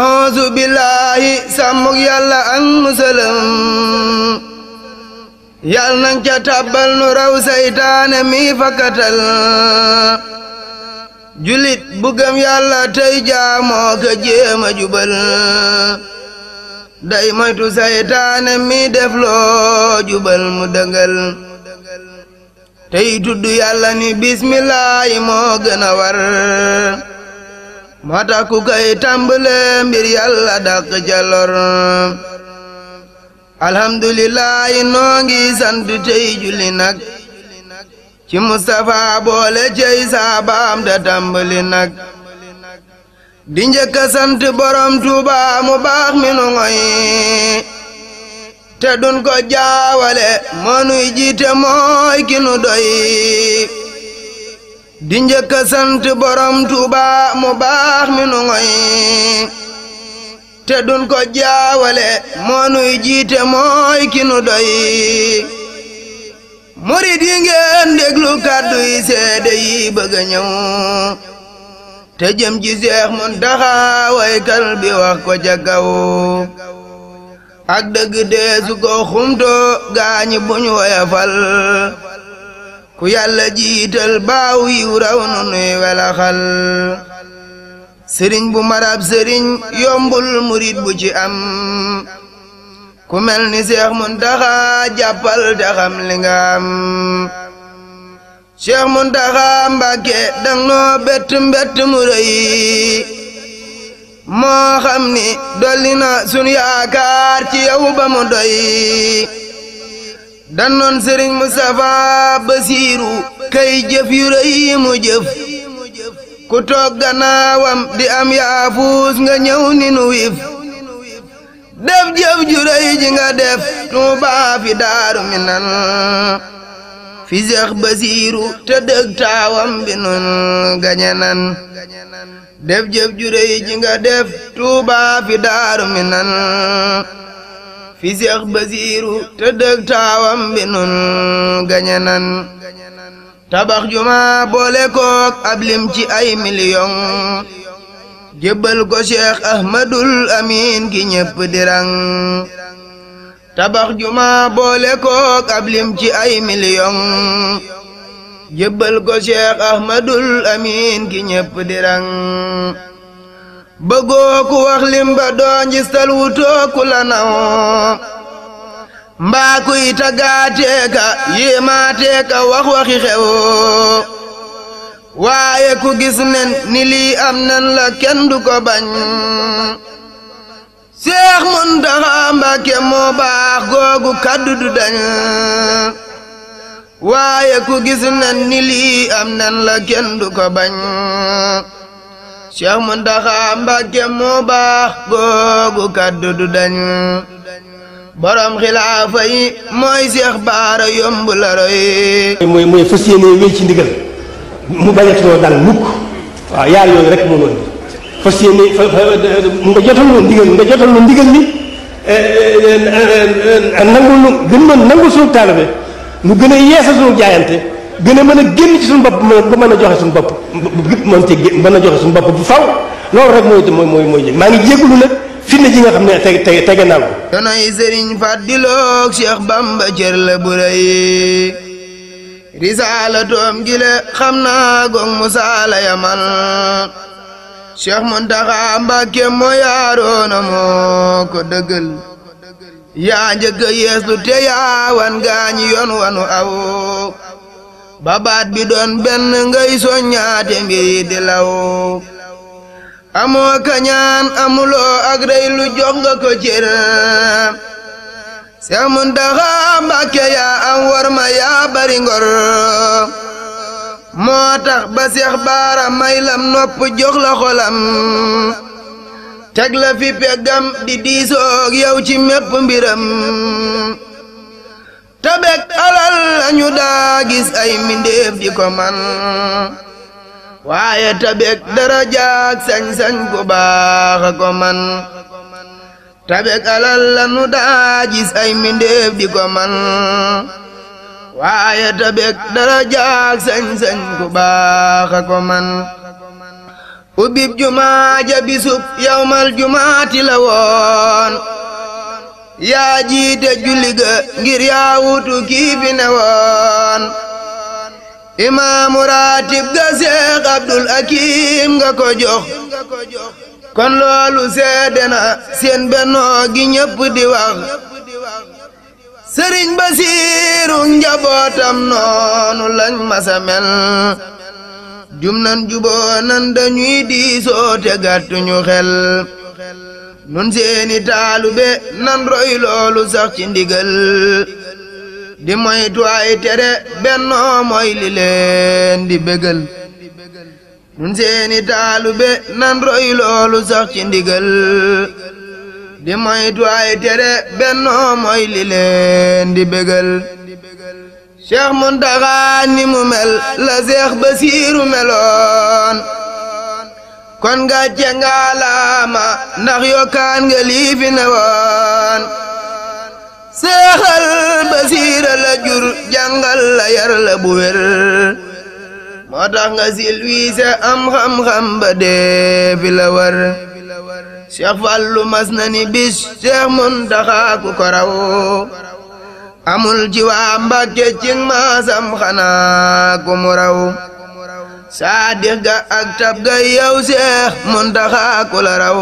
auzu billaahi sàmmug yàlla ak musalam yàlla nañ ca nu raw saytaane mi fakkatal julit bu gëm yàlla tey jaamoo jéema jubal day moytu saytaane mi def loo jubal mu dëngal tey tudd yàlla ni bismillaahi moo war moo tax ku koy tàmbale mbir yàlla dàq ca lor alhamdulilahi noo sant tey julli nag ci Mustapha boole cey saabaam da tàmbali nag di njëkk a borom Tuuba baax mi nu te dun ko jaawale moo jiite mooy ki nu doy di njëkk sant borom Tuuba mu baax mi nu te duñ ko jaawale moo jiite mooy ki nu doy murid yi ngeen déglu kàddu seede yi bëgg te jëm ci Seex Muntaxa waykal bi wax ko ca kaw ak dëgg deesu ko xumto gaañi buñ woyafal ku yàlla jiital baaw yiw raw na nuy welaxal sëriñ bu marab sëriñ yombul murit bu ci am ku mel ni seex muntaxa jàppal te xam li nga am seex muntaxa mbàkke dang noo bett mbett mu rëy moo xam ni dolli na sun ci yow mu doy danoon sëriñ Moustapha Basiiru kay jëf yu rëy jëf ku toog di am yaafuus nga ñëw ni nu wif jëf ju rëy nga def Tuubaa fi Daaru Minan fi Seex Basiiru te bi nun gañe nan jëf ju rëy nga def Tuubaa fi Daaru Minan fi Seex Basiiru te dëg bi nun gañe tabax juma boole kook ab lim ci ay miliyon jébbal ko Seex Ahmadul Amin gi ñépp dirang tabax juma boole kook ab lim ci ay miliyon jébbal ko Seex Ahmadul Amin gi ñépp dirang bëggoo ku wax lim ba doo la naw mbaa tagaateeka yéemaateeka wax waxi xew waaye ku gis nen ni lii am nan la kenn du ko bañ Seex Muntaxa Mbàkke moo baax googu kaddu dañ waaye ku gis nen ni am nan la kenn ko bañ Cheikh Mountakha Mbacké moo baax googu kaddu dañu borom xilaafa yi mooy Cheikh Baara yomb mooy mooy fas wéy ci ndigal mu bañatinoo dal mukk waaw yaar yooyu rek moo doon fas yéene nga jotal lu ndigal nga jotal lu ndigal ni eh, eh, eh, nangu lu gën ma nangu suñu taalibe nu gën a yeesal suñu jaayante. gën a mën a génn ci suñu bopp mën a joxe suñu bopp a bu faw loolu rek mooy mooy mooy mooy maa ngi jégalu nag fitna ji nga xam ne tege naa ko. danay sëriñ fàddiloog Cheikh Bamba cër la bu rëy risalatoom gi la xam naa goog musaala yamal Cheikh Muntaxa Mbàkke moo yaaroona moo ko dëggal yaa njëkk a yeeslu te yaa wan gaañi yoon wanu aw babaat bi doon benn ngay soññaate mbir di law amoo kañaan amuloo ak rey jox nga ko cër Seex Muntaxa Mbàkke yaa am war ma yaa bari ngor moo tax ba Seex Baara may lam nopp jox xolam teg la fi peggam di diisoog yow ci mépp mbiram te alal lañu daa gis ay mbindéef di ko man waaye te darajaak sañ ku baax ko man te alal lañu daa gis ay mbindéef di ko man waaye te darajaak sañ ku baax ko man ubbib jumaa bisub yawmal jumaati la yaa jiite julli ga ngir yaa wutu kii fi ne woon imaamu raatib ga seex abdul akim nga ko jox kon loolu seede na seen bennoo gi ñëpp di wax sëriñ basiiru njabootam noonu lañ masa mel jum nan juboo nan dañuy diisoo te gàttuñu xel nun seeni taalube nan roy loolu sax ci ndigal di moytu ay tere bennoo mooy li leen di nun seeni taalube nan roy loolu sax ci ndigal di moytu ay tere bennoo mooy li leen di bégal Cheikh Muntaxa mu mel la Cheikh Basiiru meloon kon nga jëngalaama ndax yokkaan nga lii fi newoon seexal basiira la jur jàngal la yar la moo tax nga silwiise am xam-xam ba dee war Cheikh Fallu mas na ni bis Cheikh Muntaxa ku ko raw amul ci waa Mbàkke ci maasam xanaa mu raw saa ga ak tab ga yow seex la raw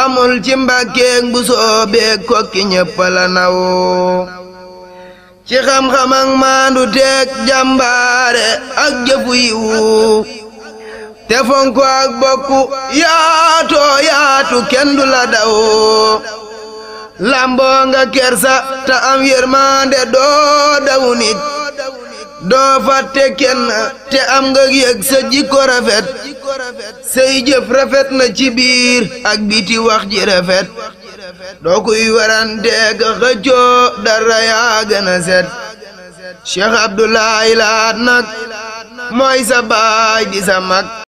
amul ci mbàkkeeg bu kokki ñëpp la naw ci xam-xam maandu teeg jàmbaare ak jëfu yiwu te ak bokku yaatoo yaatu kenn la daw lamboo kersa te am yërmande doo daw doo fàtte kenn te am nga yëg sa jikko rafet say jëf rafet na ci biir ak biti wax ji rafet doo kuy waranteeg xëccoo dara yaa gën set Cheikh Abdoulaye Lahat nag mooy sa baay di sa mag